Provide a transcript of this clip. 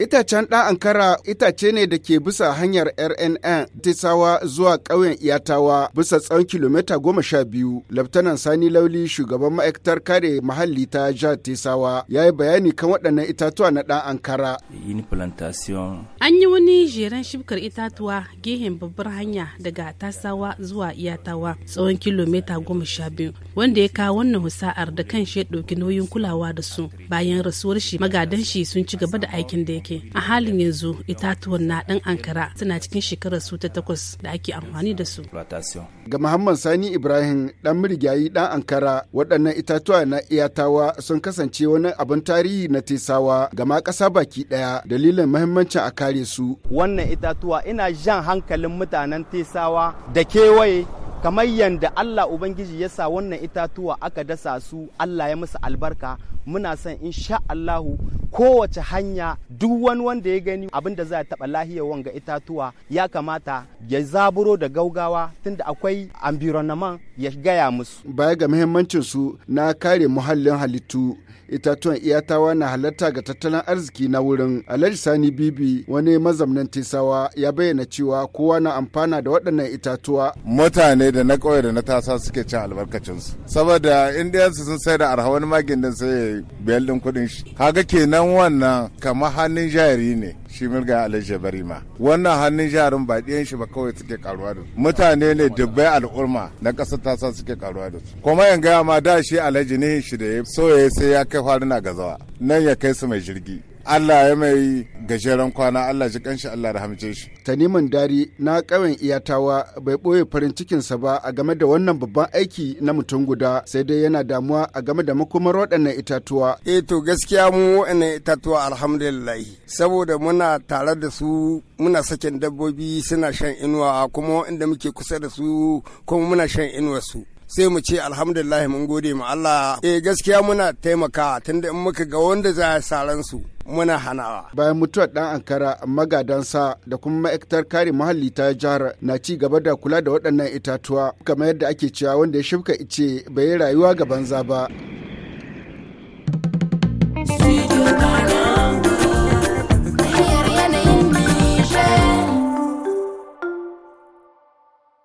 Itacen ɗan Ankara itace ne da ke bisa hanyar RNN Tisawa zuwa ƙauyen Iyatawa bisa tsawon kilomita goma sha biyu. Laftanan Sani Lauli shugaban ma'aikatar kare muhalli ta jihar Tisawa ya yi bayani kan waɗannan itatuwa na ɗan Ankara. An yi wani jeren shibkar itatuwa gehen babbar hanya daga Tasawa zuwa Iyatawa tsawon kilomita goma sha biyu wanda ya kawo wannan husa'ar da kan shi ya ɗauki nauyin kulawa da su bayan rasuwar shi magadan shi sun ci gaba da aikin da yake a halin yanzu itatuwan na dan ankara suna cikin shekarar su ta takwas da ake amfani da su ga muhammad sani ibrahim dan mirigayi dan ankara waɗannan itatuwa na iyatawa sun kasance wani abin tarihi na tesawa gama ƙasa baki ɗaya dalilin mahimmancin a kare su wannan itatuwa ina jan hankalin mutanen tesawa da kewaye kamar yadda Allah Ubangiji ya sa wannan itatuwa aka dasa su Allah ya musu albarka muna son insha Allahu kowace hanya duk wani wanda ya gani abin da za a taɓa lahiyar wanga itatuwa ya kamata ya zaburo da gaugawa tunda akwai ambironaman ya gaya musu. Baya ga muhimmancin su na kare muhallin halittu itatuwan iyatawa na halatta ga tattalin arziki na wurin alhaji sani bibi wani mazamnan tesawa ya bayyana cewa kowa na amfana da waɗannan itatuwa mutane da na ƙauye da na tasa suke cin albarkacinsu saboda indiyansu sun sai da arha wani magin sai biyar kuɗin shi kaga kenan wannan kamar hannun jari ne shi mirga alhaji barima wannan hannun jarin ba ɗiyan shi ba kawai suke karuwa da su mutane ne dubbai al'umma na ƙasar tasa suke karuwa da su kuma yanga ma da shi alhaji ne shi da ya so ya sai ya kai ga zawa nan ya kai su mai jirgi Allah ya mai gajeren kwana Allah ji kanshi Allah da hamce shi. Taniman dari na ƙauyen iyatawa bai ɓoye farin cikinsa ba a game da wannan babban aiki na mutum guda sai dai yana damuwa a game da makomar waɗannan itatuwa. E, to gaskiya mu waɗannan itatuwa alhamdulillah saboda muna tare da su muna sakin dabbobi suna shan inuwa kuma inda muke kusa da su kuma muna shan inuwa su. sai mu ce alhamdulillah mun gode ma Allah eh gaskiya muna taimakawa tunda in muka ga wanda za a saran su muna hanawa. Bayan mutuwar ɗan Ankara magadansa da kuma ma'aikatar kare muhalli ta jihar na ci gaba da kula da waɗannan itatuwa kamar yadda ake cewa wanda ya shifka ice bai rayuwa ga banza ba.